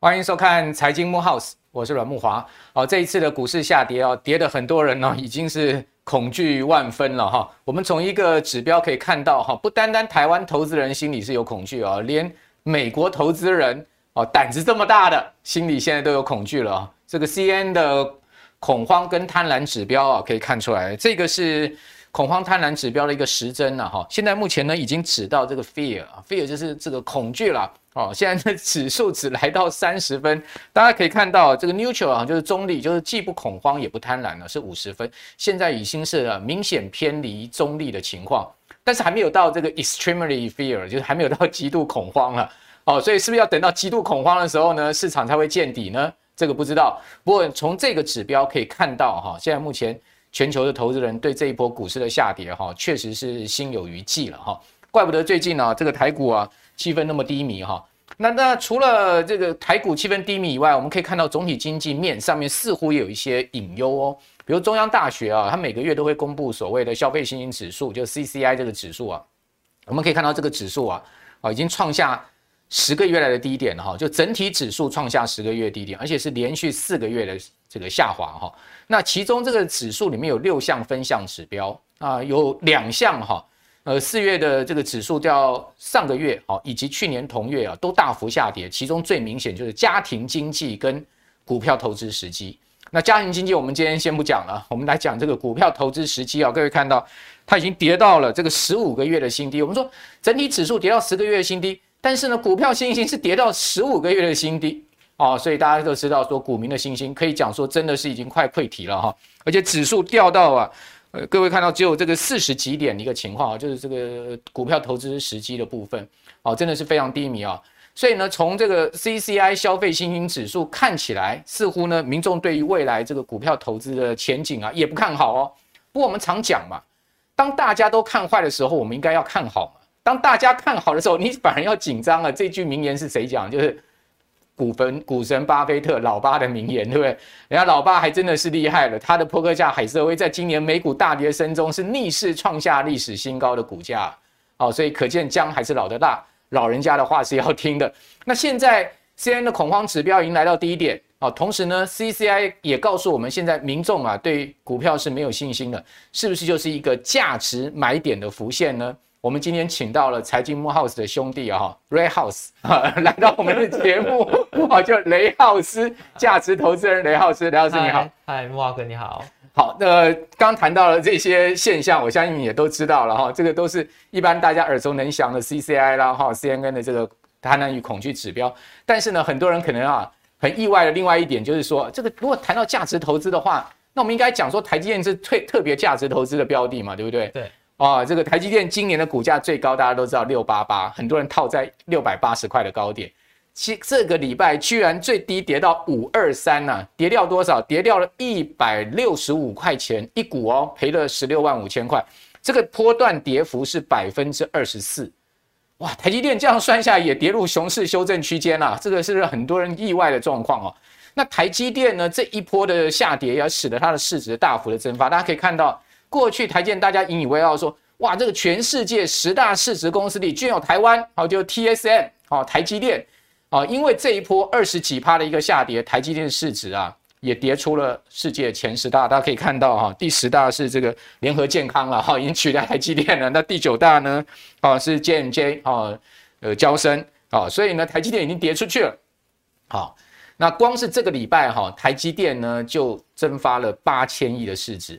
歡迎收看《財經慕 House》，我是阮慕驊。這一次的股市下跌，跌得很多人已經是恐懼萬分了。我們從一個指標可以看到，不單單台灣投資人心裡是有恐懼啊，連美國投資人哦，膽子這麼大的，心裡現在都有恐懼了。這個 CN 的。恐慌跟貪婪指標啊，可以看出來，這個是恐慌貪婪指標的一個時針了哈。現在目前呢，已經指到這個 fear，fear 就是這個恐懼了哦。現在的指數只來到三十分，大家可以看到這個 neutral 啊，就是中立，就是既不恐慌也不貪婪了，是五十分。現在已經是啊明顯偏離中立的情況，但是還沒有到這個 extremely fear，就是還沒有到極度恐慌了哦。所以是不是要等到極度恐慌的時候呢，市場才會見底呢？這個不知道，不過從這個指標可以看到哈、啊，現在目前全球的投資人對這一波股市的下跌哈、啊，確實是心有餘悸了哈、啊。怪不得最近呢、啊，這個台股啊氣氛那麼低迷哈、啊。那那除了這個台股氣氛低迷以外，我們可以看到總體經濟面上面似乎也有一些隱憂哦。比如中央大學啊，它每個月都會公布所謂的消費信心指數，就 CCI 這個指數啊，我們可以看到這個指數啊啊已經創下。十個月來的低點哈，就整體指數創下十個月低點，而且是連續四個月的這個下滑哈。那其中這個指數裡面有六項分項指標啊，有兩項哈，呃，四月的這個指數較上個月好，以及去年同月啊都大幅下跌。其中最明顯就是家庭經濟跟股票投資時機。那家庭經濟我們今天先不講了，我們來講這個股票投資時機啊。各位看到它已經跌到了這個十五個月的新低。我們說整體指數跌到十個月的新低。但是呢，股票信心是跌到十五個月的新低啊、哦，所以大家都知道說，股民的信心可以講說真的是已經快潰堤了哈，而且指數掉到啊，呃，各位看到只有這個四十幾點的一個情況啊，就是這個股票投資時機的部分啊、哦，真的是非常低迷啊、哦。所以呢，從這個 CCI 消費信心指數看起來，似乎呢，民眾對於未來這個股票投資的前景啊，也不看好哦。不過我們常講嘛，當大家都看壞的時候，我們應該要看好。當大家看好的時候，你反而要緊張啊！這句名言是誰講？就是股神股神巴菲特老巴的名言，對不對？人家老巴還真的是厲害了，他的波克夏海瑟威在今年美股大跌聲中是逆勢創下歷史新高，的股價、哦、所以可見薑還是老的辣。老人家的話是要聽的。那現在 CNN 的恐慌指標已經來到低點啊、哦，同時呢 C C I 也告訴我們，現在民眾啊對股票是沒有信心的，是不是就是一個價值買點的浮現呢？我們今天請到了財經慕 House 的兄弟啊、哦、，雷 House 啊，來到我們的節目啊，叫 雷浩斯，價值投資人雷浩斯，雷浩斯，Hi, 雷浩斯你好，嗨慕驊哥你好，好，那、呃、剛談到了這些現象，我相信你也都知道了哈、哦，這個都是一般大家耳熟能詳的 CCI 啦哈 CNN 的這個貪婪與恐懼指標，但是呢，很多人可能啊很意外的，另外一點就是說，這個如果談到價值投資的話，那我們應該講說台積電是特特別價值投資的標的嘛，對不對？對。啊，哦、這個台積電今年的股價最高，大家都知道六八八，很多人套在六百八十塊的高點，其實這個禮拜居然最低跌到五二三吶，跌掉多少？跌掉了一百六十五塊錢一股哦，賠了十六萬五千塊，這個波段跌幅是百分之二十四，哇，台積電這樣算下來也跌入熊市修正區間啊。這個是很多人意外的狀況哦。那台積電呢，這一波的下跌也使得它的市值大幅的蒸發，大家可以看到。過去台積電大家引以為傲，說哇，這個全世界十大市值公司裡均有台灣，好、哦，就是、TSM，哦，台積電，啊、哦，因為這一波二十幾趴的一個下跌，台積電的市值啊也跌出了世界前十大。大家可以看到哈、哦，第十大是這個聯合健康了哈、哦，已經取代台積電了。那第九大呢，啊、哦、是 JNJ，啊、哦，呃，嬌生，啊、哦，所以呢，台積電已經跌出去了，好、哦，那光是這個禮拜哈、哦，台積電呢就蒸發了八千億的市值。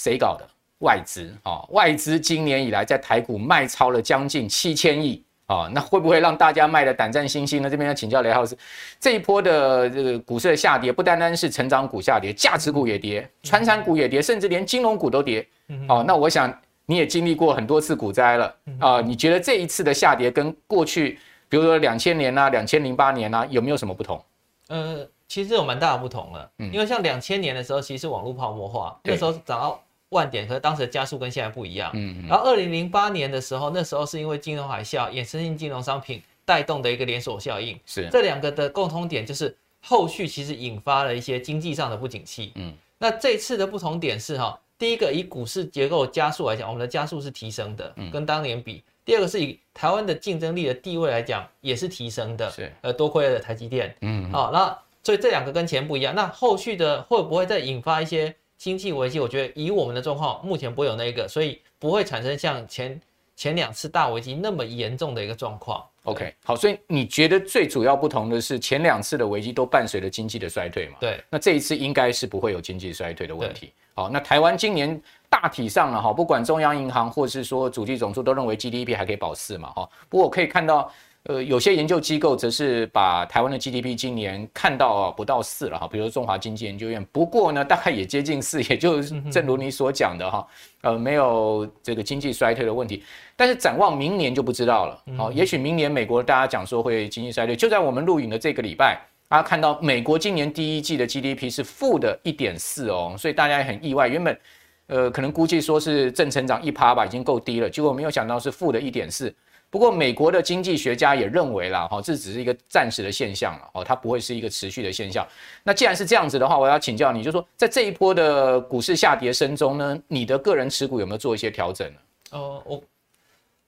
誰搞的外資啊？外資、哦、今年以來在台股賣超了將近七千億啊！那會不會讓大家賣的膽戰心驚呢？這邊要請教雷浩斯，這一波的這個股市的下跌，不單單是成長股下跌，價值股也跌，傳產股也跌，甚至連金融股都跌。哦，那我想你也經歷過很多次股災了啊、哦！你覺得這一次的下跌跟過去，比如說，兩千年吶、啊、兩千零八年吶、啊，有沒有什麼不同？呃，其實有蠻大的不同了，因為像兩千年的時候，其實是網絡泡沫化，嗯、那時候漲到。萬點，可是當時的加速跟現在不一樣。嗯。然後二零零八年的時候，那時候是因為金融海嘯、衍生性金融商品帶動的一個連鎖效應。是。這兩個的共通點就是後續其實引發了一些經濟上的不景氣。嗯。那這次的不同點是哈，第一個以股市結構加速來講，我們的加速是提升的，嗯、跟當年比。第二個是以台灣的競爭力的地位來講，也是提升的。是。呃，多虧了台積電。嗯哼。哦，那所以這兩個跟前不一樣。那後續的會不會再引發一些？經濟危機，我覺得以我們的狀況，目前不會有那個，所以不會產生像前前兩次大危機那麼嚴重的一個狀況。OK，好，所以你覺得最主要不同的是，前兩次的危機都伴隨着經濟的衰退嘛？對，那這一次應該是不會有經濟衰退的問題。對好，那台灣今年大體上了哈，不管中央銀行或是說主計總處都認為 GDP 還可以保四嘛哈，不過我可以看到。呃，有些研究機構則是把台灣的 GDP 今年看到不到四了哈，比如說中華經濟研究院。不過呢，大概也接近四，也就正如你所講的哈，呃，沒有這個經濟衰退的問題。但是展望明年就不知道了。好，哦，也許明年美國大家講說會經濟衰退。就在我們錄影的這個禮拜，大家看到美國今年第一季的 GDP 是負的一點四哦，所以大家也很意外，原本呃可能估計說是正成長一趴吧，已經夠低了，結果沒有想到是負的一點四。不過，美國的經濟學家也認為啦，哈，這只是一個暫時的現象了，哦，它不會是一個持續的現象。那既然是這樣子的話，我要請教你就是說，在這一波的股市下跌聲中呢，你的個人持股有沒有做一些調整呢？哦，我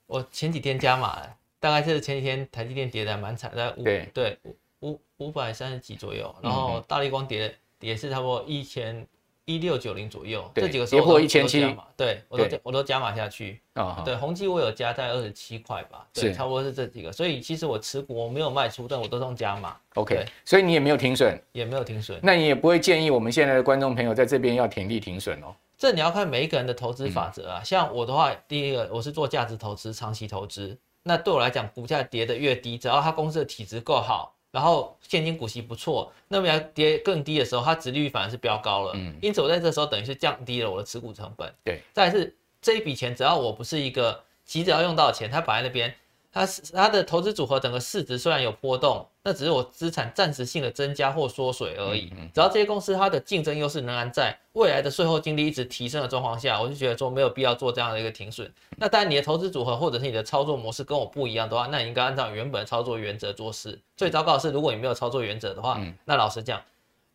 我前幾天加碼了，大概是前幾天台積電跌的還蠻慘，在五對五五百三十幾左右，然後大立光跌也是差不多一千、嗯。一六九零左右，對這幾個時候跌破一千七，對我都對我都加碼下去啊。Uh huh. 對，宏碁我有加在二十七塊吧，對，是差不多是這幾個。所以其實我持股我沒有賣出，但我都用加碼。OK，對所以你也沒有停損，也沒有停損。那你也不會建議我們現在的觀眾朋友在這邊要停利停損哦？這你要看每一個人的投資法則啊。嗯，像我的話，第一個我是做價值投資、長期投資，那對我來講，股價跌得越低，只要它公司的體質夠好。然後現金股息不錯，那麼要跌更低的時候，它殖利率反而是飆高了。嗯，因此我在這時候等於是降低了我的持股成本。對，再來是這一筆錢，只要我不是一個急着要用到的錢，它擺在那邊。它是它的投資組合整個市值雖然有波動，那只是我資產暫時性的增加或縮水而已。只要這些公司它的競爭優勢仍然在未來的稅後淨利一直提升的狀況下，我就覺得說沒有必要做這樣的一個停損。那當然，你的投資組合或者是你的操作模式跟我不一樣的話，那你應該按照原本的操作原則做事。最糟糕的是，如果你沒有操作原則的話，那老實講，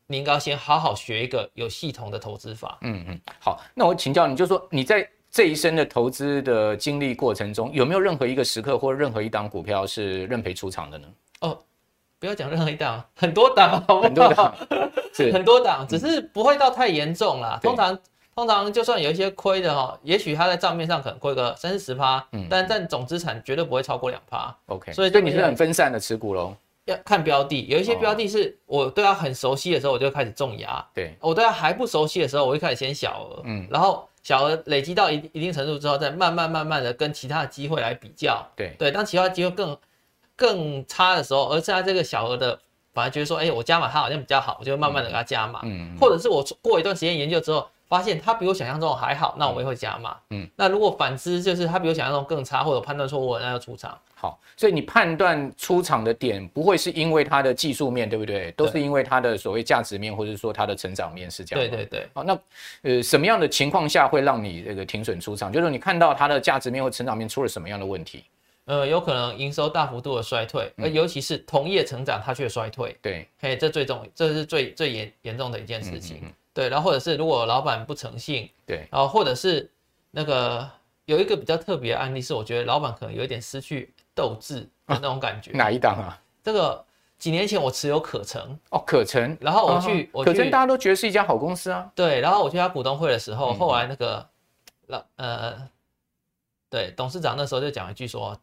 你應該要先好好學一個有系統的投資法。嗯嗯，好，那我請教你就說你在。這一生的投資的經歷過程中，有沒有任何一個時刻或任何一檔股票是認賠出場的呢？哦，不要講任何一檔，很多檔， 很多檔，是很多檔，只是不會到太嚴重啦。嗯、通常，通常就算有一些虧的哈，也許他在賬面上可能虧個三四十趴，嗯，但但總資產絕對不會超過兩趴。OK，所以對你是很分散的持股嘍。要看標的，有一些標的是我對它很熟悉的時候，我就開始重壓、哦；對，我對它還不熟悉的時候，我就開始先小額，嗯，然後。小額累積到一一定程度之後，再慢慢慢慢的跟其他的機會來比較。對，對當其他機會更更差的時候，而現在這個小額的，反而覺得說，哎、欸，我加碼它好像比較好，我就慢慢的給它加碼，嗯。嗯，嗯或者是我過一段時間研究之後。發現它比我想象中還好，那我們也會加碼。嗯，那如果反之，就是它比我想象中更差，或者我判斷錯誤，那要出場。好，所以你判斷出場的點不會是因為它的技術面，對不對？對都是因為它的所謂價值面，或者說它的成長面是這樣。對對對。好、哦，那呃，什麼樣的情況下會讓你這個停損出場？就是你看到它的價值面或成長面出了什麼樣的問題？呃，有可能營收大幅度的衰退，而尤其是同業成長它卻衰退。對、嗯，哎，這最重，這是最最嚴嚴重的一件事情。嗯嗯嗯對，然後或者是如果老闆不誠信，對，然後或者是那個有一個比較特別的案例是，我覺得老闆可能有一點失去鬥志的那種感覺。啊、哪一檔啊？這個幾年前我持有可成哦，可成，然後我去，可成大家都覺得是一家好公司啊。對，然後我去他股東會的時候，後來那個老、嗯、哼呃，對董事長那時候就講一句說，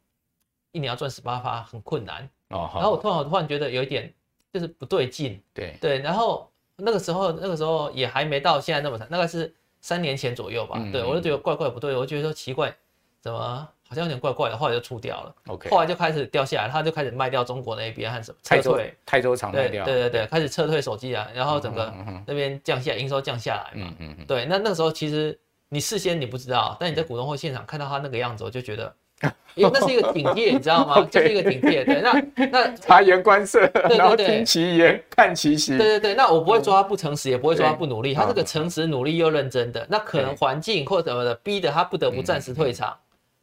一年要賺十八趴很困難、哦、然後我突然我突然覺得有一點就是不對勁，對對，然後。那個時候，那個時候也還沒到現在那麼慘，那個是三年前左右吧。對，我就覺得怪怪不對，我覺得說奇怪，怎麼好像有點怪怪的，後來就出掉了。OK，後來就開始掉下來，他就開始賣掉中國那邊和什麼？泰州撤退，泰州廠那對對對對，對開始撤退手機啊，然後整個那邊降下來，營、嗯嗯、收降下來嘛。嗯哼嗯哼對，那那個時候其實你事先你不知道，但你在股東會現場看到他那個樣子，我就覺得。那是一個頂業，你知道嗎？就是一個頂業。對，那那察言觀色，對對對，聽其言看其行。對對對，那我不會說他不誠實，也不會說他不努力。他這個誠實、努力又認真的，那可能環境或什麼的逼得他不得不暫時退場。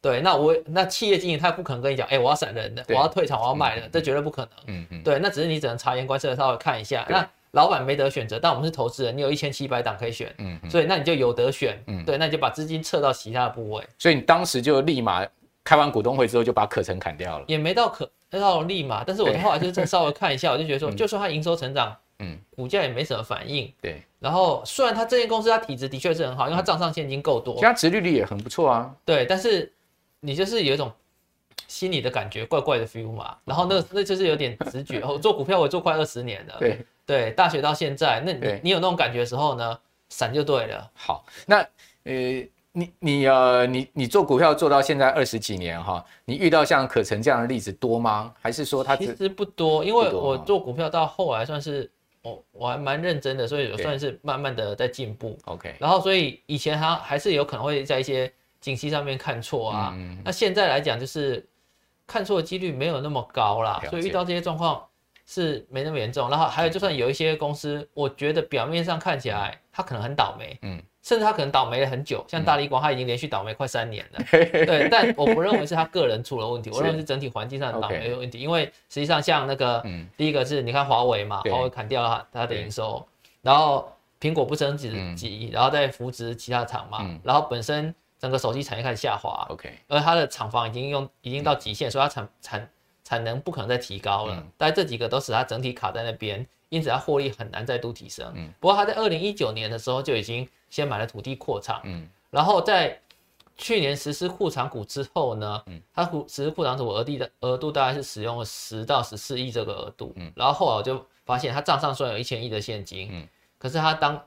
對，那我那企業經營他也不可能跟你講，哎，我要閃人，的我要退場，我要賣了，這絕對不可能。嗯對，那只是你只能察言觀色，稍微看一下。那老板沒得選擇，但我們是投資人，你有一千七百檔可以選。嗯，所以那你就有得選。嗯，對，那你就把資金撤到其他的部位。所以你當時就立馬。開完股東會之後就把可成砍掉了，也沒到可到利嘛。但是我後來就再稍微看一下，對 我就覺得說，就算它營收成長，嗯，股價也沒什麼反應。對。然後雖然它這間公司它體質的確是很好，因為它賬上現金夠多，它殖利率也很不錯啊。對，但是你就是有一種心裡的感覺，怪怪的 feel 嘛。然後那那就是有點直覺。我 做股票我也做快二十年了，對對，大學到現在，那你對你有那種感覺的時候呢，閃就對了。好，那呃。你你呃，你、啊、你，你做股票做到現在二十幾年哈，你遇到像可成這樣的例子多嗎？還是說他其實不多？因為我做股票到後來算是我我還蠻認真的，所以也算是慢慢的在進步。OK，對然後所以以前他還是有可能會在一些景氣上面看錯啊，嗯、那現在來講就是看錯的幾率沒有那麼高啦，了解所以遇到這些狀況。是沒那麼嚴重，然後還有就算有一些公司，我覺得表面上看起來他可能很倒霉，嗯，甚至他可能倒霉了很久，像大立光他已經連續倒霉快三年了，對，但我不認為是他個人出了問題，我認為是整體環境上的倒霉的問題，因為實際上像那個第一個是你看華為嘛，華為砍掉了它的營收，然後蘋果不升值幾，然後再扶植其他廠嘛，然後本身整個手機產業開始下滑，而它的廠房已經用已經到極限，所以它產產。產能不可能再提高了，嗯、但這幾個都使它整體卡在那邊，因此它獲利很難再度提升。嗯，不過它在二零一九年的時候就已經先買了土地擴廠，嗯，然後在去年實施庫藏股之後呢，嗯，它實施庫藏股額地的額度大概是使用了十到十四億這個額度，嗯、然後後來我就發現它賬上雖然有一千億的現金，嗯，可是它當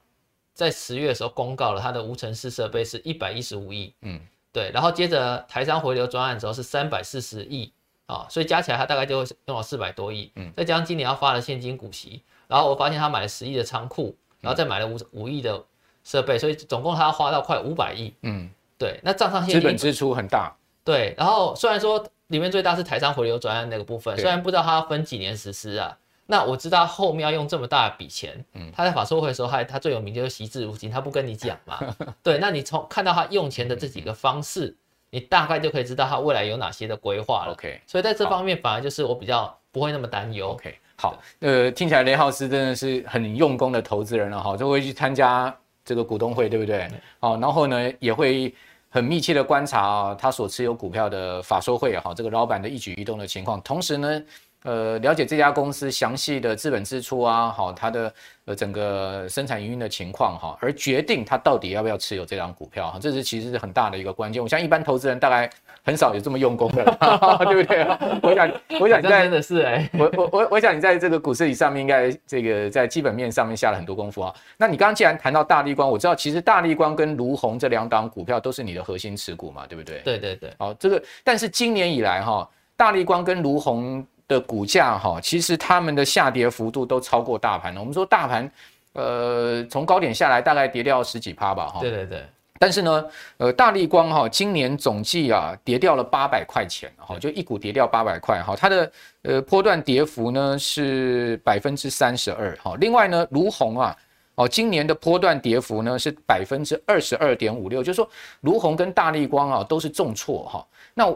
在十月的時候公告了它的無塵室設備是一百一十五億，嗯，對，然後接着台商回流專案之後是三百四十億。啊、哦，所以加起來他大概就用了四百多億，嗯，再加上今年要發的現金股息，然後我發現他買了十億的倉庫，然後再買了五五億的設備，所以總共他要花到快五百億，嗯，對。那賬上現金資本支出很大，對。然後雖然說裡面最大是台商回流專案那個部分，對雖然不知道他要分幾年實施啊，那我知道後面要用這麼大筆錢，嗯，他在法說會的時候，還他最有名就是惜字如金，他不跟你講嘛， 對。那你從看到他用錢的這幾個方式。你大概就可以知道他未來有哪些的規劃了。OK，所以在這方面好反而就是我比較不會那麼擔憂。OK，好，對呃，聽起來雷浩斯真的是很用功的投資人了、哦、哈，就會去參加這個股東會，對不對？好對、哦，然後呢也會很密切的觀察啊、哦、他所持有股票的法說會好、哦，這個老闆的一舉一動的情況，同時呢。呃，了解這家公司詳細的資本支出啊，好、哦，它的呃整個生產營運的情況哈、哦，而決定它到底要不要持有這張股票哈、哦，這是其實是很大的一個關鍵。我想一般投資人大概很少有這麼用功的、 哦，對不對？我想，我想你在真的是哎、欸，我我我我想你在這個股市裡上面應該這個在基本面上面下了很多功夫啊、哦。那你剛剛既然談到大立光，我知道其實大立光跟儒鴻這兩檔股票都是你的核心持股嘛，對不對？對對對，好、哦，這個但是今年以來哈、哦，大立光跟儒鴻的股價哈，其實他們的下跌幅度都超過大盤了。我們說大盤，呃，從高點下來大概跌掉十幾趴吧，哈。對對對。但是呢，呃，大立光哈，今年總計啊跌掉了八百塊錢，哈，就一股跌掉八百塊，哈，它的呃波段跌幅呢是百分之三十二，哈。另外呢，儒鴻啊，哦，今年的波段跌幅呢是百分之二十二點五六，就是說儒鴻跟大立光啊都是重挫，哈。那。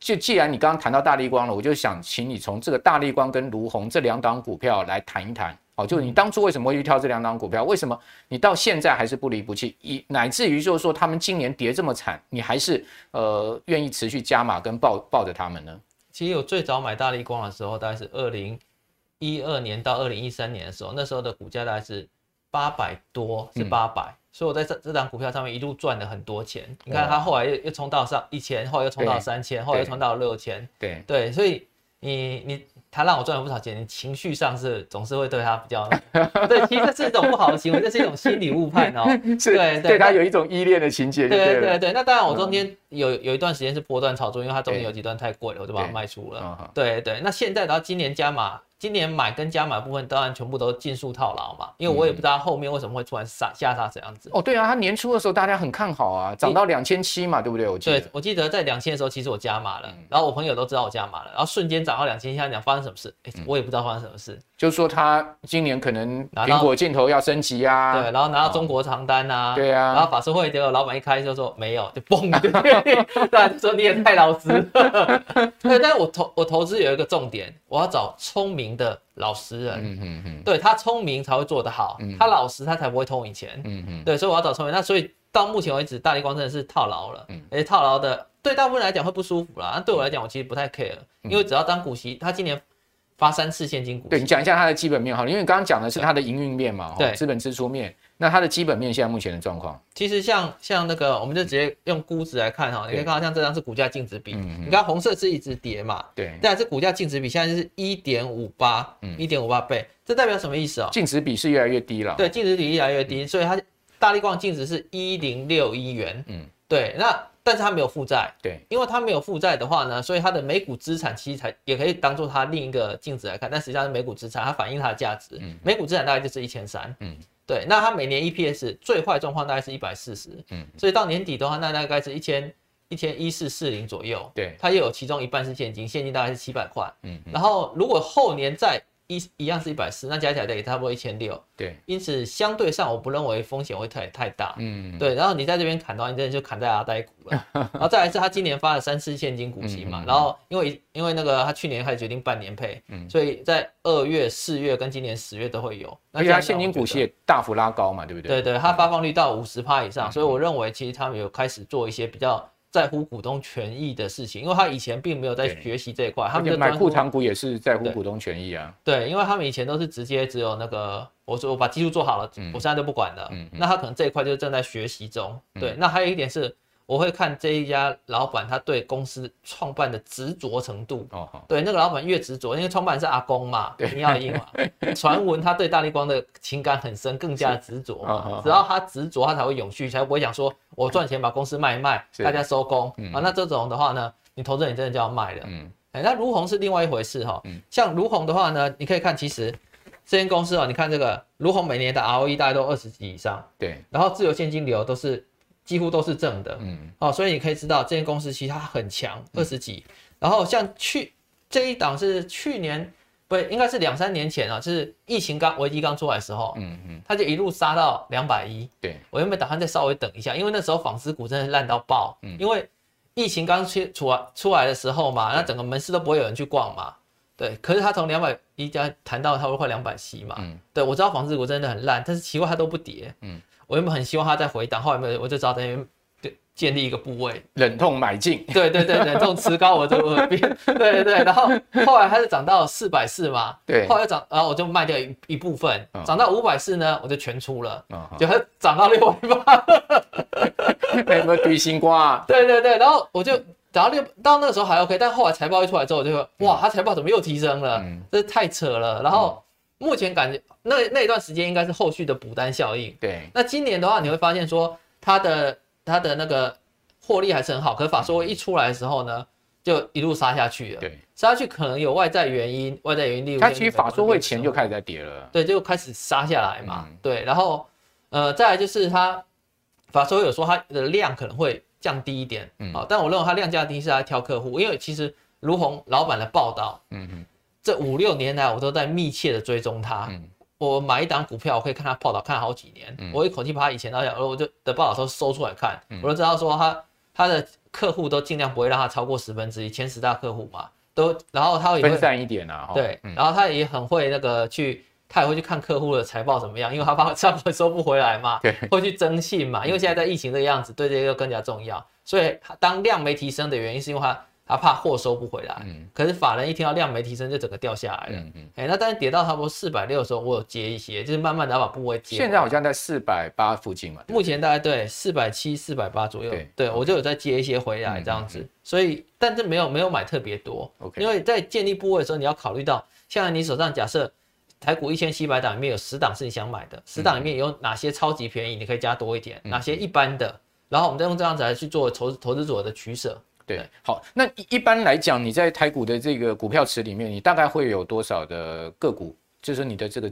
就既然你剛剛談到大立光了，我就想請你從這個大立光跟儒鴻這兩檔股票來談一談。好，就是你當初為什麼會去挑這兩檔股票？為什麼你到現在還是不離不棄？以乃至於就是說，他們今年跌這麼慘，你還是呃願意持續加碼跟抱抱着他們呢？其實我最早買大立光的時候，大概是二零一二年到二零一三年的時候，那時候的股價大概是八百多，是八百。嗯所以我在這這張股票上面一路賺了很多錢。你看它後來又又衝到上一千，後來又衝到三千，後來又衝到六千。對對，所以你你它讓我賺了不少錢，你情緒上是總是會對它比較。對，其實這是一種不好的行為，這是一種心理誤判哦。是，對對它有一種依戀的情節。對對對，那當然我中間有有一段時間是波段炒作，因為它中間有幾段太貴了，我就把它賣出了。對對，那現在然後今年加碼。今年買跟加買的部分當然全部都盡數套牢嘛，因為我也不知道後面為什麼會突然殺下殺怎樣子。哦，對啊，它年初的時候大家很看好啊，漲、欸、到兩千七嘛，對不對？我記得，對，我記得在兩千的時候，其實我加碼了，嗯、然後我朋友都知道我加碼了，然後瞬間漲到兩千七。他講發生什麼事、欸，我也不知道發生什麼事。嗯就是說，他今年可能蘋果鏡頭要升級呀、啊，對，然後拿到中國長單啊、哦，對啊，然後法說會結果老闆一開就說沒有，就崩掉，對，說你也太老實了， 對，但是我投我投資有一個重點，我要找聰明的老實人，嗯嗯嗯，對，他聰明才會做得好，嗯、他老實他才不會偷你錢，嗯嗯哼，對，所以我要找聰明，那所以到目前為止，大立光真的是套牢了，嗯，而且、欸、套牢的對大部分人來講會不舒服啦。那對我來講，我其實不太 care，因為只要當股息，他今年。發三次現金股，對你講一下它的基本面哈，因為你剛剛講的是它的營運面嘛，對，資本支出面，那它的基本面現在目前的狀況，其實像像那個，我們就直接用估值來看哈，嗯、你可以看到像這張是股價淨值比，嗯、哼你看紅色是一直跌嘛，對，但是股價淨值比現在就是一點五八，嗯，一點五八倍，這代表什麼意思哦、喔，淨值比是越來越低了。對，淨值比越來越低，嗯、所以它大立光淨值是一零六一元，嗯，對，那。但是它沒有負債，對，因為它沒有負債的話呢，所以它的每股資產其實才也可以當做它另一個淨值來看。但實際上是每股資產，它反映它的價值。每股資產大概就是一千三，嗯，對。那它每年 EPS 最壞狀況大概是一百四十，嗯，所以到年底的話，那大概是一千一千一四四零左右。對、嗯哼，它又有其中一半是現金，現金大概是七百塊，嗯哼，然後如果後年再。一一樣是一百四，那加起來也差不多一千六。對，因此相對上，我不認為風險會太太大。嗯，嗯，對。然後你在這邊砍的話，你真的就砍在阿呆股了。 然後再來是，他今年發了三次現金股息嘛，嗯嗯嗯，然後因為因為那個他去年開始決定半年配，嗯、所以在二月、四月跟今年十月都會有。嗯、而且它現金股息也大幅拉高嘛，對不對？對，對對，它發放率到五十趴以上，嗯嗯，所以我認為其實他們有開始做一些比較。在乎股東權益的事情，因為他以前並沒有在學習這一塊，對他們買庫藏股也是在乎股東權益啊對。對，因為他們以前都是直接只有那個，我說我把技術做好了，嗯、我現在就不管了。嗯嗯、那他可能這一塊就正在學習中。嗯、對，那還有一點是。我會看這一家老闆他對公司創辦的執着程度，oh, 對那個老闆越執着，因為創辦人是阿公嘛，對你要硬嘛。傳聞 他對大立光的情感很深，更加執着，只要、oh, 他執着，他才會永續，才不會想說我賺錢把公司賣一賣，是大家收工、嗯、啊。那這種的話呢，你投資人真的就要賣了。嗯欸、那儒鴻是另外一回事哈、哦。像儒鴻的話呢，你可以看其實這間公司啊、哦，你看這個儒鴻每年的 ROE 大概都二十幾以上，對，然後自由現金流都是。幾乎都是正的，嗯，哦，所以你可以知道這間公司其實它很強，嗯、二十幾。然後像去這一檔是去年，不應該是兩三年前啊，就是疫情剛危機剛出來的時候，嗯嗯，嗯，它就一路殺到兩百一。對，我原本打算再稍微等一下，因為那時候紡織股真的是爛到爆，嗯，因為疫情剛出出來出來的時候嘛，嗯、那整個門市都不會有人去逛嘛，對。可是它從兩百一家談到他會快兩百七嘛，嗯，對，我知道紡織股真的很爛，但是奇怪它都不跌，嗯。我原本很希望它再回檔，後來沒有，我就找等於對建立一個部位，忍痛買進。對對對，忍痛吃持高我就我變 對對對。然後後來它是漲到四百四嘛，對，後來又漲，然後我就賣掉一一部分，漲、嗯、到五百四呢，我就全出了，嗯、就它漲到六百八。什麼巨心瓜、啊？瓜？對對對，然後我就漲到六，到那個時候還 OK，但後來財報一出來之後，我就說、嗯、哇，它財報怎麼又提升了？嗯、這太扯了。然後目前感覺。嗯那那一段時間應該是後續的補單效應。對，那今年的話，你會發現說它的它的那個獲利還是很好。可是法說會一出來的時候呢，嗯、就一路殺下去了。對，殺下去可能有外在原因，外在原因例如，它其實法說會前就開始在跌了。對，就開始殺下來嘛。嗯、對，然後呃，再來就是它法說會有說它的量可能會降低一點好、嗯哦，但我認為它量降低是它挑客戶，因為其實儒鴻老闆的報道，嗯嗯，這五六年來我都在密切的追蹤它，嗯。我買一檔股票，我可以看他報道，看好幾年。嗯、我一口氣把他以前那些，我就的報道都搜出來看，嗯、我就知道說他他的客戶都盡量不會讓他超過十分之一，前十大客戶嘛，都然後他也會分散一點吶、啊。對，嗯、然後他也很會那個去，他也會去看客戶的財報怎麼樣，因為他怕賬會收不回來嘛。對會去徵信嘛，因為現在在疫情這個樣子，對這個更加重要。所以當量沒提升的原因是因為他。他怕貨收不回來，嗯，可是法人一聽到量沒提升，就整個掉下來了，嗯嗯，哎，那當然跌到差不多四百六的時候，我有接一些，就是慢慢的要把部位接。現在好像在四百八附近嘛，目前大概對四百七、四百八左右，對，我就有再接一些回來這樣子，所以，但是沒有沒有買特別多，因為在建立部位的時候，你要考慮到，現在你手上假設台股一千七百檔裡面有十檔是你想買的，十檔裡面有哪些超級便宜，你可以加多一點，哪些一般的，然後我們再用這樣子來去做投資投資者的取捨。對，好，那一般來講，你在台股的這個股票池裡面，你大概會有多少的個股？就是你的這個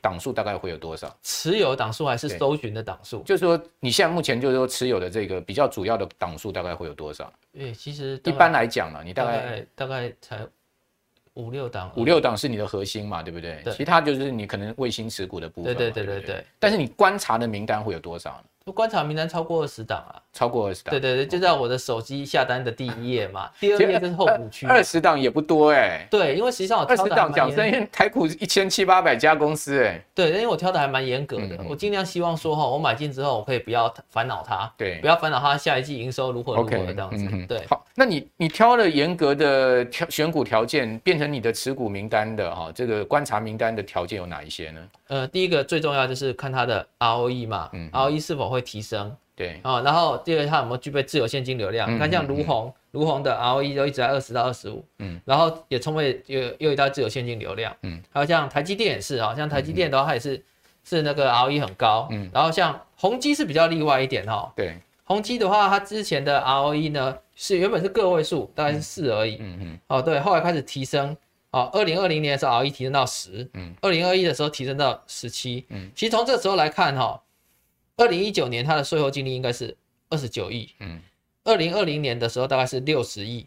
檔數大概會有多少？持有檔數還是搜尋的檔數？就是說，你現在目前就是說持有的這個比較主要的檔數大概會有多少？對，其實一般來講，啊，你大概大概，大概才五六檔，五六檔是你的核心嘛，對不對？對。其他就是你可能衛星持股的部分。對對對對對。對對對。但是你觀察的名單會有多少？觀察名單超過二十檔啊，超過二十檔，對對對，就在我的手機下單的第一頁嘛， 第二頁就是候補區。二十檔也不多哎、欸，對，因為實際上我二十檔講真，音台股一千七八百家公司哎、欸，對，因為我挑的還蠻嚴格的，嗯、哼我盡量希望說哈，我買進之後我可以不要煩惱它，對，不要煩惱它下一季營收如何如何這樣子，okay, 嗯、對。好，那你你挑了嚴格的挑選股條件，變成你的持股名單的哈，這個觀察名單的條件有哪一些呢？呃，第一個最重要就是看它的 ROE 嘛，嗯哼，ROE 是否會提升，對啊，然後第二它有沒有具備自由現金流量？你看像儒鴻，儒鴻的 ROE 都一直在二十到二十五，嗯，然後也充沛又又一大自由現金流量，嗯，還有像台積電也是啊，像台積電的話它也是是那個 ROE 很高，嗯，然後像宏碁是比較例外一點哈，對，宏碁的話它之前的 ROE 呢是原本是個位數，大概是四而已，嗯哼，哦對，後來開始提升，哦，二零二零年的時候 ROE 提升到十，嗯，二零二一的時候提升到十七，嗯，其實從這時候來看哈。二零一九年，它的稅後淨利應該是二十九億。嗯，二零二零年的時候大概是六十億，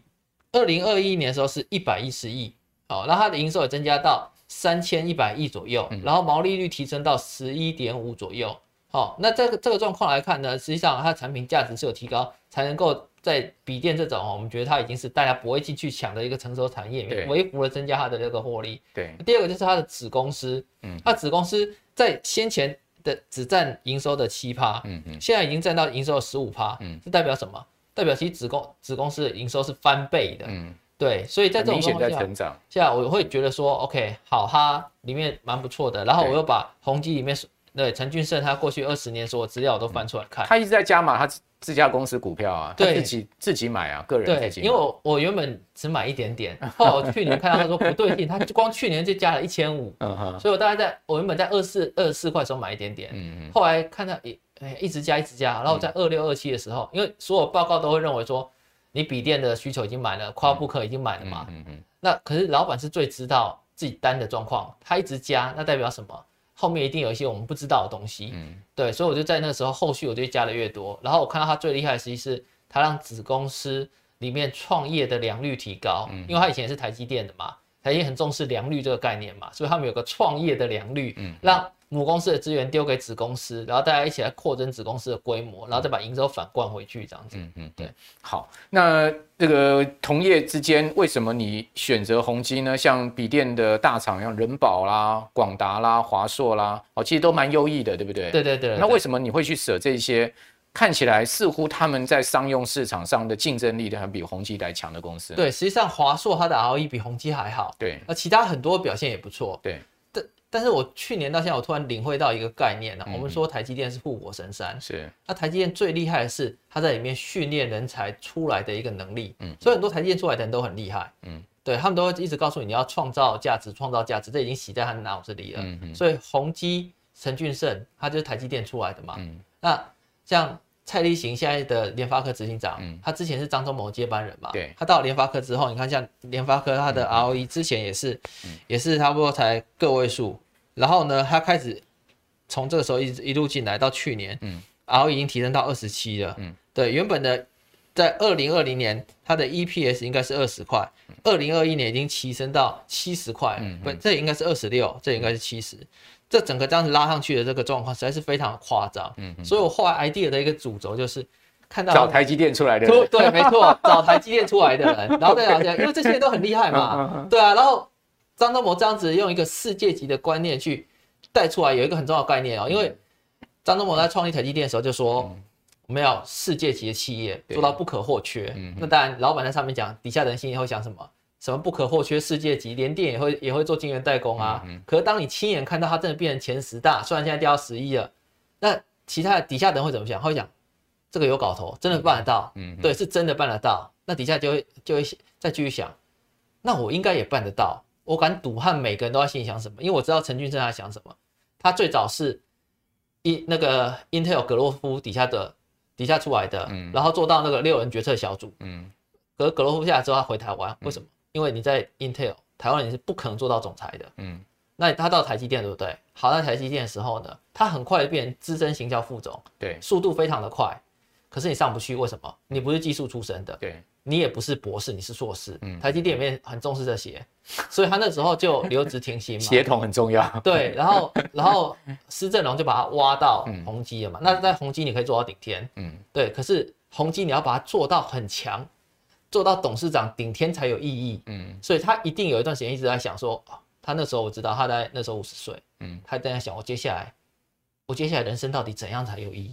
二零二一年的時候是一百一十億。哦，那它的營收也增加到三千一百億左右，嗯、然後毛利率提升到十一點五左右。好、哦，那這個這個狀況來看呢，實際上它的產品價值是有提高，才能夠在筆電這種哦，我們覺得它已經是大家不會進去搶的一個成熟產業，微幅的增加它的這個獲利。對，第二個就是它的子公司，嗯，它子公司在先前。的只佔營收的七趴，嗯嗯，現在已經佔到營收的十五趴，嗯，是代表什麼？代表其實子公子公司營收是翻倍的，嗯，對，所以在這種情況下，現在我會覺得說，OK，好哈，裡面蠻不錯的。然後我又把宏碁裡面，對，陳俊聖他過去二十年所有資料我都翻出來看，嗯、他一直在加碼。他。自家公司股票啊，自己對自己買啊，個人自己買。因為我我原本只買一點點，後來我去年看到他說不對勁， 他光去年就加了一千五，huh. 所以我大概在我原本在二四二四塊的時候買一點點，後來看到一、欸、一直加一直加，然後在二六二七的時候，嗯、因為所有報告都會認為說你筆電的需求已經滿了，Chromebook 已經滿了嘛，嗯嗯嗯嗯、那可是老闆是最知道自己單的狀況，他一直加，那代表什麼？後面一定有一些我們不知道的東西，嗯，對，所以我就在那時候，後續我就加的越多，然後我看到他最厲害的其實是他讓子公司裡面創業的良率提高，嗯，因為他以前也是台積電的嘛，台積電也很重視良率這個概念嘛，所以他們有個創業的良率，嗯，讓。母公司的資源丟給子公司，然後大家一起來擴增子公司的規模，然後再把營收反灌回去，這樣子。嗯嗯，嗯對。好，那這個同業之間，為什麼你選擇宏碁呢？像筆電的大廠，像仁寶啦、廣達啦、華碩啦，哦，其實都蠻優異的，對不對？對對對，對。那為什麼你會去捨這些對對對對看起來似乎他們在商用市場上的競爭力還比宏碁來強的公司？對，實際上華碩它的 ROE 比宏碁還好。對。那其他很多表現也不錯。對。但是我去年到現在，我突然領會到一個概念、啊嗯、哼我們說台積電是護國神山，是那、啊、台積電最厲害的是它在裡面訓練人才出來的一個能力，嗯哼，所以很多台積電出來的人都很厲害，嗯，對他們都會一直告訴你，你要創造價值，創造價值，這已經洗在他的腦子裡了。嗯、哼所以宏碁、陳俊勝，他就是台積電出來的嘛，嗯、那像。蔡力行，現在的聯發科執行長，嗯、他之前是張忠謀接班人嘛？對，他到聯發科之後，你看像聯發科，他的 ROE 之前也是，嗯嗯、也是差不多才個位數，嗯、然後呢，他開始從這個時候一一路進來到去年、嗯、，ROE 已經提升到二十七了。嗯、對，原本在2020的在、e、二零二零年它的 EPS 應該是二十塊，二零二一年已經提升到七十塊，本這應該是二十六，這應該是七十、嗯。嗯這整個這樣子拉上去的這個狀況實在是非常的誇張，嗯、哼所以我後來 idea 的一個主軸就是，看到找台積電出來的人出，對，沒錯，找台積電出來的人， 然後對 Okay. 因為這些人都很厲害嘛， 啊啊啊對啊，然後張忠謀這樣子用一個世界級的觀念去帶出來，有一個很重要概念哦，嗯、因為張忠謀在創立台積電的時候就說，我們要世界級的企業做到不可或缺，嗯、哼那當然老闆在上面講，底下的人心裡會想什麼？什麼不可或缺？世界級，聯電也會也會做晶圓代工啊。Mm hmm. 可是當你親眼看到它真的變成前十大，雖然現在掉到十一了，那其他的底下的人會怎麼想？他會想：「這個有搞頭，真的辦得到。嗯、mm，hmm. 對，是真的辦得到。那底下就，就會就會再繼續想，那我應該也辦得到。我敢賭，看每個人都在心裡想什麼，因為我知道陳俊聖在想什麼。他最早是一那個 Intel 格洛夫底下的底下出來的，mm hmm. 然後做到那個六人決策小組。嗯、mm，格、hmm. 洛夫下來之後他回台灣，為什麼？Mm hmm. 因為你在 Intel 台灣，你是不可能做到總裁的。嗯，那他到台積電對不對？好，在台積電的時候呢，他很快變成資深行銷副總，對，速度非常的快。可是你上不去，為什麼？嗯、你不是技術出身的，對，你也不是博士，你是碩士。嗯，台積電裡面很重視這些，嗯、所以他那時候就留職停薪嘛。協同 很重要。對，然後然後施振榮就把他挖到宏碁了嘛。嗯、那在宏碁你可以做到頂天。嗯，對。可是宏碁你要把它做到很強。做到董事長頂天才有意義，嗯，所以他一定有一段時間一直在想說，哦，他那時候我知道他在那時候五十歲，嗯，他一他直在想我接下來，我接下來人生到底怎樣才有意義，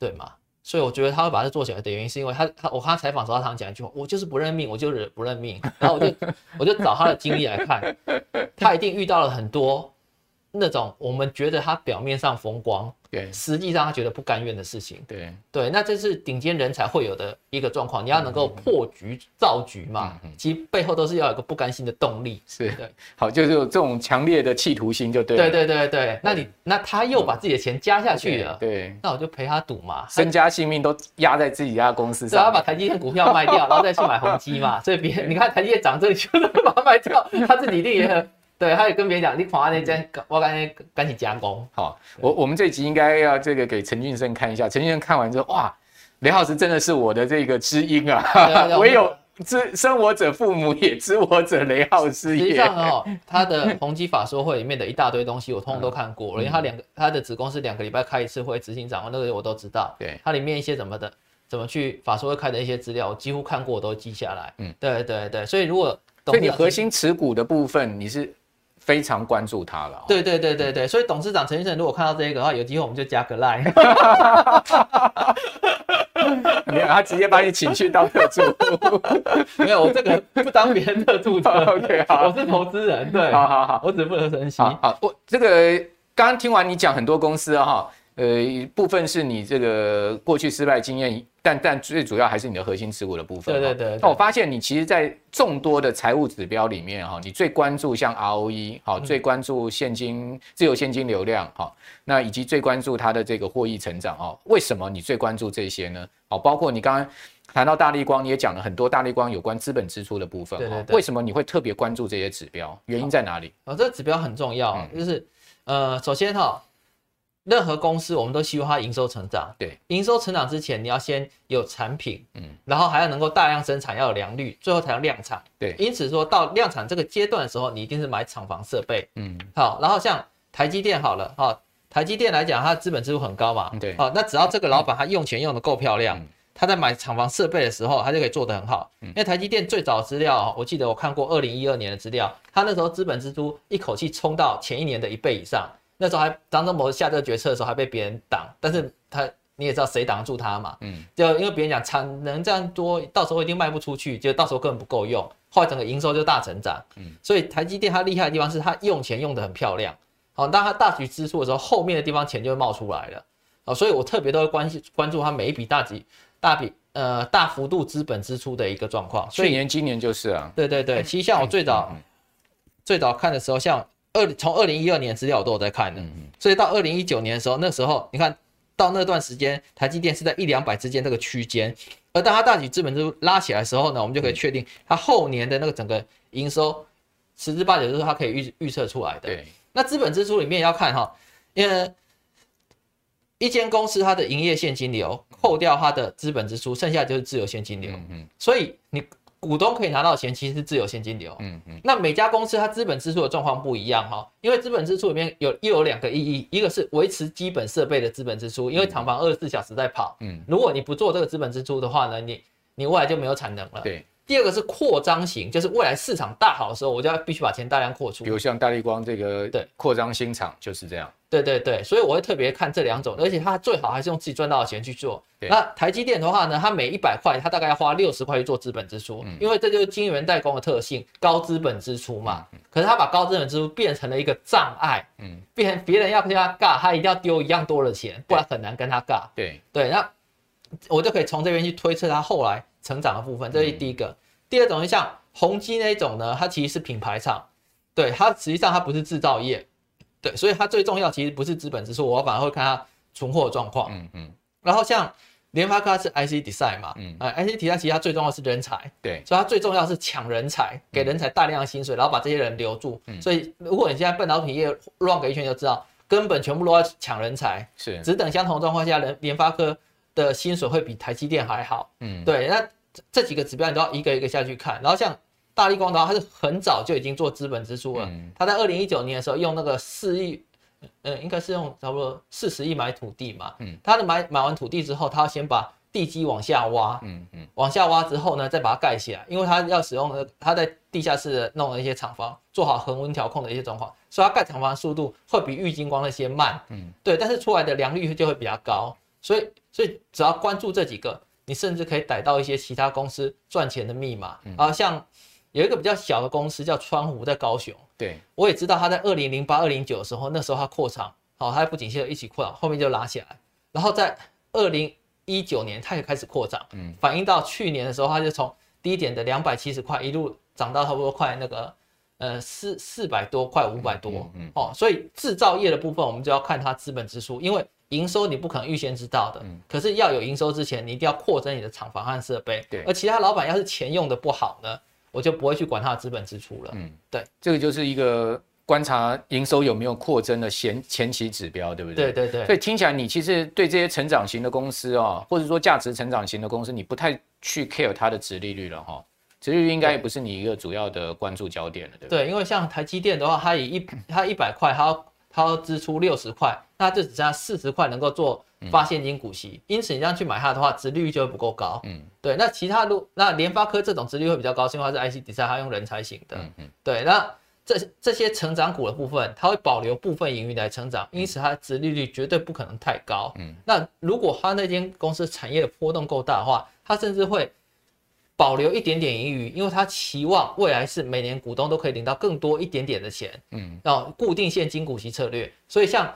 對嗎？所以我覺得他會把他做起來的原因是因為他他我看他採訪時候他講一句話，我就是不認命，我就是不認命，然後我就 我就找他的經歷來看，他一定遇到了很多那種我們覺得他表面上風光。對，實際上他覺得不甘願的事情，對對，那這是頂尖人才會有的一個狀況，你要能夠破局造局嘛，其實背後都是要有一個不甘心的動力，是對，好，就是這種強烈的企圖心就對了，對對對對，那你那他又把自己的錢加下去了，對，那我就陪他賭嘛，身家性命都壓在自己家公司上，只要把台積電股票賣掉，然後再去買宏碁嘛，所以別你看台積電漲，這裡就能把它賣掉，他自己定也很對，他也跟別人講，你看那件、嗯，我趕緊趕緊加工。好，哦、對我我們這集應該要這個給陳俊生看一下。陳俊生看完之後，哇，雷浩斯真的是我的這個知音啊！唯 有知生我者父母也，知我者雷浩斯也。對實際上哦，他的宏碁法說會裡面的一大堆東西，我通通都看過。因為、嗯、他兩個他的子公司兩個禮拜開一次會，執行長啊那個我都知道。對，它裡面一些什麼的，怎麼去法說會開的一些資料，我幾乎看過我都記下來。嗯，對對對，所以如果所以你核心持股的部分，你是。非常關注他了、哦，對對對對對，所以董事長陳先生如果看到這個的話，有機會我們就加個 line， 沒有，他直接把你請去當特助， 沒有，我這個不當別人特助的 ，OK，好，我是投資人，對， 好好好，我只負責分析，好，好，我這個剛剛聽完你講很多公司哈、哦。呃，一部分是你這個過去失敗經驗，但但最主要還是你的核心持股的部分。對，對對對。那我發現你其實，在眾多的財務指標裡面哈，你最關注像 ROE，哈，最關注現金、嗯、自由現金流量，哈。那以及最關注它的這個獲益成長啊。為什麼你最關注這些呢？好，包括你剛剛談到大立光，你也講了很多大立光有關資本支出的部分。對對對。為什麼你會特別關注這些指標？原因在哪裡？啊、哦，這個指標很重要，嗯、就是呃，首先哈、哦。任何公司，我們都希望它營收成長。對，營收成長之前，你要先有產品，嗯，然後還要能夠大量生產，要有良率，最後才能量產。對，因此說到量產這個階段的時候，你一定是買廠房設備，嗯，好，然後像台積電好了哈、哦，台積電來講，它的資本支出很高嘛，對、哦，那只要這個老闆他用錢用得夠漂亮，嗯、他在買廠房設備的時候，他就可以做得很好。嗯、因為台積電最早資料，我記得我看過二零一二年的資料，他那時候資本支出一口氣衝到前一年的一倍以上。那時候還張忠謀下這個決策的時候還被別人擋，但是他你也知道誰擋得住他嘛，嗯，就因為別人講產能這樣多，到時候一定賣不出去，就到時候根本不夠用，後來整個營收就大成長，嗯，所以台積電它厲害的地方是它用錢用得很漂亮，好、哦，當他大舉支出的時候，後面的地方錢就會冒出來了，哦、所以我特別都會關關注它每一筆大筆大筆呃大幅度資本支出的一個狀況，所以去年今年就是啊，對對對，其實像我最早、嗯嗯、最早看的時候像。二從二零一二年資料我都有在看的、嗯哼，所以到二零一九年的時候，那時候你看到那段時間台積電是在一兩百之間這個區間，而當它大舉資本支出拉起來的時候呢，我們就可以確定它後年的那個整個營收十之八九就是它可以預預測出來的。嗯、哼那資本支出裡面也要看哈，因為一間公司它的營業現金流扣掉它的資本支出，剩下就是自由現金流。嗯、哼所以你。股東可以拿到的錢，其實是自由現金流。嗯嗯。嗯，那每家公司它資本支出的狀況不一樣哈、哦，因為資本支出裡面有又有兩個意義，一個是維持基本設備的資本支出，因為廠房二十四小時在跑。嗯。嗯，如果你不做這個資本支出的話呢，你你未來就沒有產能了。對。第二個是擴張型，就是未來市場大好的時候，我就要必須把錢大量擴出。比如像大立光這個，對，擴張新廠就是這樣。對對對，所以我會特別看這兩種，而且它最好還是用自己賺到的錢去做。對那台積電的話呢，它每一百塊，它大概要花六十塊去做資本支出，嗯、因為這就是晶圓代工的特性，高資本支出嘛。嗯嗯、可是它把高資本支出變成了一個障礙，嗯、變成別人要跟它幹，它一定要丟一樣多的錢，對不然很難跟它幹。對對，那我就可以從這邊去推測它後來成長的部分，這是第一個。嗯、第二種就像宏碁那一種呢，它其實是品牌廠，對它實際上它不是制造業。對，所以它最重要其實不是資本支出，我反而會看它存貨狀況。嗯嗯。然後像聯發科它是 IC Design 嘛，嗯，嗯，IC Design 其實它最重要的是人才，對，所以它最重要的是搶人才，給人才大量的薪水，嗯、然後把這些人留住。嗯、所以如果你現在半導體業亂給一圈，就知道根本全部都要搶人才。是。只等相同狀況下，聯聯發科的薪水會比台積電還好。嗯。對，那這幾個指標你都要一個一個下去看，然後像。大立光呢，它是很早就已經做資本支出了。嗯、他在二零一九年的時候，用那個四億，嗯，應該是用差不多四十億買土地嘛。嗯。他的買買完土地之後，他要先把地基往下挖。嗯嗯。嗯，往下挖之後呢，再把它蓋起來，因為他要使用的，他在地下室弄了一些廠房，做好恆溫調控的一些狀況，所以他蓋廠房的速度會比玉晶光那些慢。嗯。對，但是出來的良率就會比較高，所以所以只要關注這幾個，你甚至可以逮到一些其他公司賺錢的密碼、嗯、然後像。有一個比較小的公司叫川湖，在高雄。對，我也知道他在二零零八、二零九的時候，那時候他擴張，好、哦，他不僅氣在一起擴，後面就拉起來。然後在二零一九年，他也開始擴張。嗯，反映到去年的時候，他就從低點的兩百七十塊一路漲到差不多快那個呃四四百多塊、五百多嗯。嗯，嗯哦，所以製造業的部分我們就要看它資本支出，因為營收你不可能預先知道的。嗯。可是要有營收之前，你一定要擴增你的廠房和設備。對。而其他老板要是錢用的不好呢？我就不會去管它的資本支出了。嗯，對，這個就是一個觀察營收有沒有擴增的前前期指標，對不對？對對對。所以聽起來你其實對這些成長型的公司，喔、或者說價值成長型的公司，你不太去 care 它的殖利率了哈，殖利率應該也不是你一個主要的關注焦點了，對不對？對，因為像台積電的話，它以一它一百塊，它它要支出六十塊，那這只剩下四十塊能夠做發現金股息，因此你這樣去買它的話，殖利率就會不夠高。嗯，對。那其他都，那聯發科這種殖利率會比較高，因為它是 IC 設計，它用人才型的嗯。嗯，對。那這這些成長股的部分，它會保留部分盈餘來成長，因此它的殖利率絕對不可能太高。嗯，那如果它那間公司產業的波動夠大的話，它甚至會保留一點點盈餘，因為它期望未來是每年股東都可以領到更多一點點的錢。嗯，然後固定現金股息策略，所以像。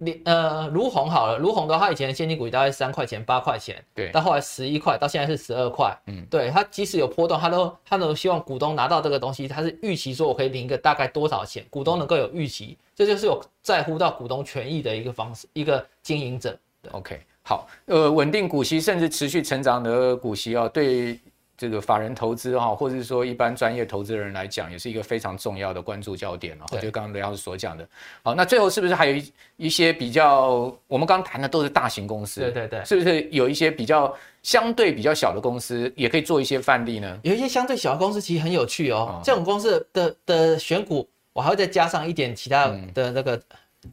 你呃，儒鴻好了，儒鴻的話，他以前的現金股息大概三塊錢、八塊錢，對，到後來十一塊，到現在是十二塊，嗯，對。他即使有波動，他都他都希望股東拿到這個東西，他是預期說我可以領一個大概多少錢，股東能夠有預期，嗯、這就是有在乎到股東權益的一個方式，一個經營者。OK，好，呃，穩定股息甚至持續成長的股息啊、哦，對。這個法人投資、哦、或者說一般專業投資人來講，也是一個非常重要的關注焦點啊、哦、對就剛剛雷老師所講的，好、哦，那最後是不是還有一一些比較，我們剛談的都是大型公司，對對對，是不是有一些比較相對比較小的公司也可以做一些範例呢？有一些相對小的公司其實很有趣哦，哦這種公司的的選股，我還會再加上一點其他的那個。嗯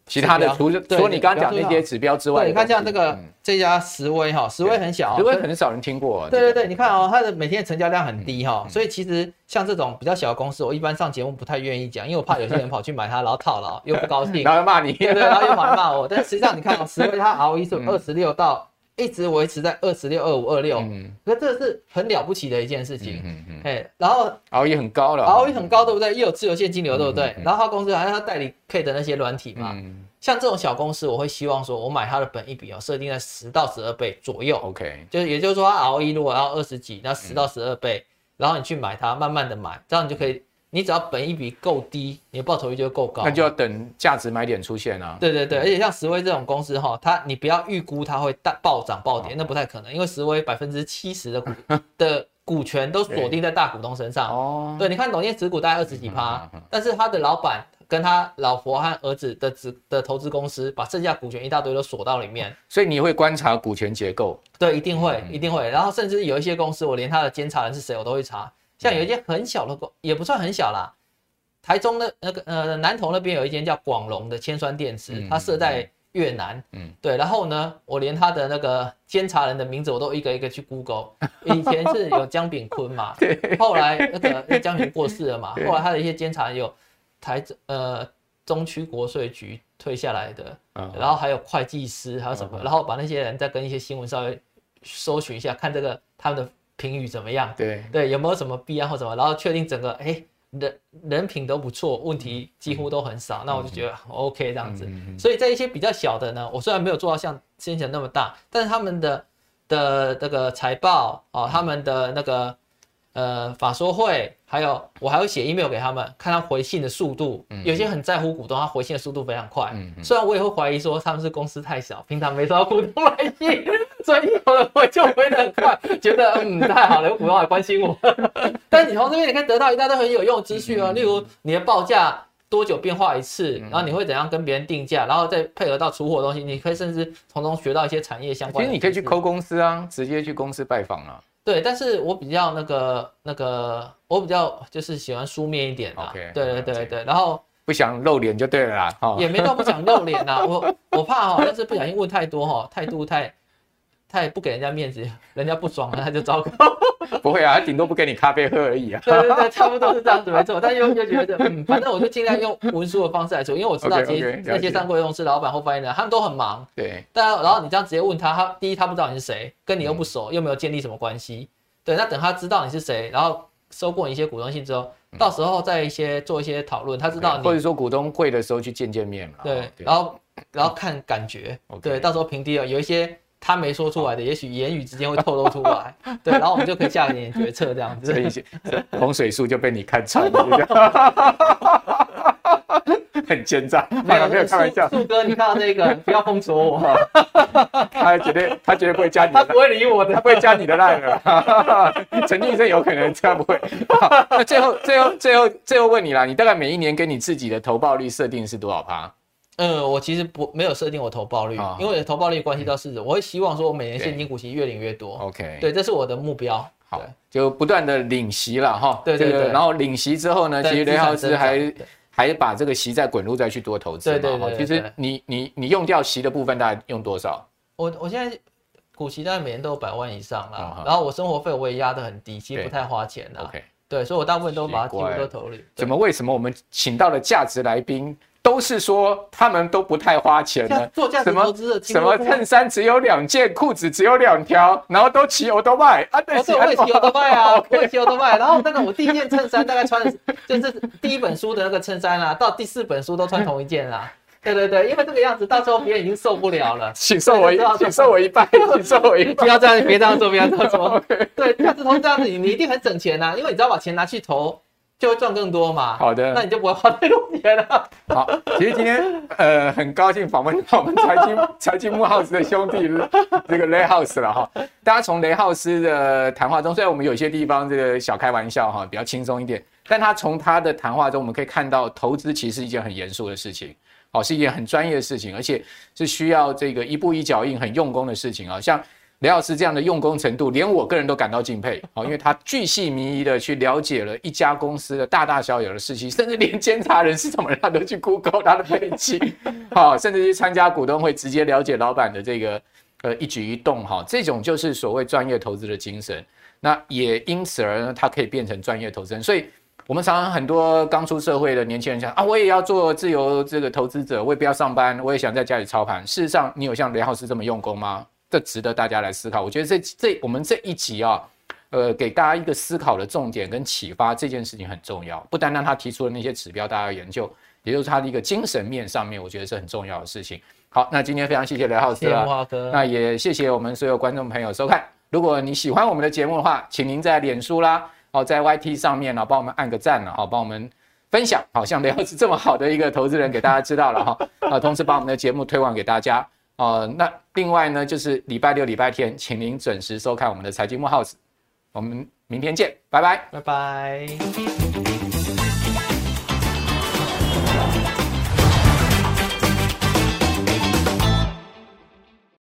其他的，除了除了你剛剛講那些指標之外，你看像這個這家實威哈，實威很小，實威很少人聽過。對對對，你看哦，它的每天成交量很低哈，所以其實像這種比較小的公司，我一般上節目不太願意講，因為我怕有些人跑去買它，然後套牢，又不高興，然後罵你，對，然後又跑來罵罵我。但實際上你看哦，實威它 ROE 是二十六到。一直維持在二十六、二五、二六，嗯，那這是很了不起的一件事情，嗯嗯，嘿，然後 ROE 很高了，ROE 很高，對不對？又有自由現金流，對不對？嗯、哼哼，然後他公司還他代理 CAD 的那些軟體嘛，嗯、哼像這種小公司，我會希望說我買他的本益比要設定在十到十二倍左右，OK，就是也就是說，ROE 如果要二十幾，那十到十二倍，嗯、哼然後你去買它，慢慢的買，這樣你就可以。你只要本益比夠低，你的報酬率就夠高，那就要等價值買點出現啊。對對對，而且像實威這種公司哈，它，你不要預估它會大暴漲暴跌，哦、那不太可能，因為實威百分之七十的股 的股權都鎖定在大股東身上。以對哦，對，你看董監持股大概二十幾趴，嗯、啊啊啊但是他的老闆跟他老婆和兒子的子的投資公司把剩下股權一大堆都鎖到裡面、哦。所以你會觀察股權結構？對，一定會，一定會。嗯、然後甚至有一些公司，我連他的監察人是誰，我都會查。像有一間很小的公，也不算很小啦，台中的那個呃南投那邊有一間叫廣隆的鉛酸電池，嗯、它設在越南，嗯、對，然後呢，我連他的那個監察人的名字我都一個一個去 Google，以前是有江炳坤嘛， 對後來那個江炳過世了嘛，對後來他的一些監察人有台呃中區國稅局退下來的，嗯、然後還有會計師還有什麼，嗯、然後把那些人再跟一些新聞稍微搜尋一下，看這個他們的。評語怎麼樣？對對，有沒有什麼弊啊或什麼？然後確定整個哎、欸，人人品都不錯，問題幾乎都很少，嗯、那我就覺得、嗯、哼 O、OK、K 這樣子。嗯、哼所以在一些比較小的呢，我雖然沒有做到像先前那麼大，但是他們的的那、這個財報啊、哦，他們的那個呃法說會。還有，我還會寫 email 給他們，看他回信的速度。嗯、哼有些很在乎股東，他回信的速度非常快。嗯、哼雖然我也會懷疑說他們是公司太小，平常沒收到股東來信，嗯、哼所以我我就回的很快， 覺得嗯太好了，股東還關心我。 但是你從這邊你看得到一大堆很有用的資訊啊，嗯、哼例如你的報價多久變化一次，嗯、哼然後你會怎樣跟別人定價，然後再配合到出貨的東西，你可以甚至從中學到一些產業相關的。其實你可以去 call 公司啊，直接去公司拜訪啊。對，但是我比較那個那個，我比較就是喜歡書面一點啦。Okay, 對對對對，然後不想露臉就對了啦。哦、也沒到不想露臉吶， 我我怕哈、喔，但是不小心問太多哈、喔，態 度太。他也不給人家面子，人家不爽了他就糟糕。不會啊，他頂多不給你咖啡喝而已啊。對對對，差不多是這樣子沒錯。但又又覺得，嗯，反正我就盡量用文書的方式來做，因為我知道其實那些上櫃公司老板或發言人，他們都很忙。對。但然後你這樣直接問他，他第一他不知道你是誰，跟你又不熟，又沒有建立什麼關係。對。那等他知道你是誰，然後收過一些股東信之後，到時候再一些做一些討論。他知道或者說股東會的時候去見見面嘛。對。然後然後看感覺。對，到時候平地了有一些。他沒說出來的，也許言語之間會透露出來。 對，然後我們就可以下一點決策這樣子。是是洪水樹就被你看穿了，這樣 很奸詐，沒有沒有開玩笑。樹哥，你看到這個，不要封鎖我。 他絕對他絕對不會加你，他不會理我的， 他不會加你的 Line 了 陳俊生有可能，加不會。 那最後最後最後最後問你啦，你大概每一年給你自己的投報率設定是多少趴？嗯，我其實不沒有設定我投報率，因為投報率關係到市值，我會希望說，我每年現金股息越領越多。OK，對，這是我的目標。好，就不斷的領息了哈。對，對對，然後領息之後呢，其實雷浩斯還還把這個息再滾入再去多投資。對對對。其實你你你用掉息的部分大概用多少？我我現在股息大概每年都有百萬以上啦，然後我生活費我也壓得很低，其實不太花錢啦。對，所以我大部分都把它全部都投入。怎麼為什麼我們請到了價值來賓？都是說他們都不太花錢的什麼什麼襯衫只有兩件，褲子只有兩條，然後都騎歐兜邁啊，對，是我會騎歐兜邁啊，會騎歐兜邁然後那個，我第一件襯衫大概穿就是第一本書的那個襯衫啦，到第四本書都穿同一件啦。對對對，因為這個樣子，到時候別人已經受不了了，請受我一，請受我一拜，請受我一拜，不要這樣，別這樣做，別這樣做。對，但是從這樣子，你一定很省錢吶？因為你只要把錢拿去投。就會賺更多嘛，好的，那你就不會花太多錢了。好，其實今天呃很高興訪問到我們財經財 經木 h 的兄弟這個雷浩斯，了、哦、哈。大家從雷浩斯的談話中，雖然我們有些地方這個小開玩笑哈、哦，比較輕鬆一點，但他從他的談話中，我們可以看到投資其實是一件很嚴肅的事情，哦，是一件很專業的事情，而且是需要這個一步一腳印很用功的事情啊、哦，像。雷老師這樣的用功程度，連我個人都感到敬佩。好、哦，因為他巨細靡遺的去了解了一家公司的大大小小的事情，甚至連監察人是什麼，他都去 google 他的背景，好、 哦，甚至去參加股東會，直接了解老板的這個呃一舉一動。哈、哦，這種就是所謂專業投資的精神。那也因此而呢，他可以變成專業投資人。所以，我們常常很多剛出社會的年輕人想啊，我也要做自由這個投資者，我也不要上班，我也想在家裡操盤。事實上，你有像雷老師這麼用功嗎？值得大家來思考。我覺得這這我們這一集啊、哦，呃，給大家一個思考的重點跟啟發，這件事情很重要。不單單他提出的那些指標，大家要研究，也就是他的一個精神面上面，我覺得是很重要的事情。好，那今天非常謝謝雷浩斯，那也謝謝我們所有觀眾朋友收看。如果你喜歡我們的節目的話，請您在臉書啦，哦，在 YT 上面呢，幫我們按個讚呢，好，幫我們分享。好，像雷浩斯這麼好的一個投資人，給大家知道了哈，啊， 同時把我們的節目推廣給大家。哦、呃，那另外呢，就是禮拜六、禮拜天，請您準時收看我們的《財經慕 House》。我們明天見，拜拜，拜拜。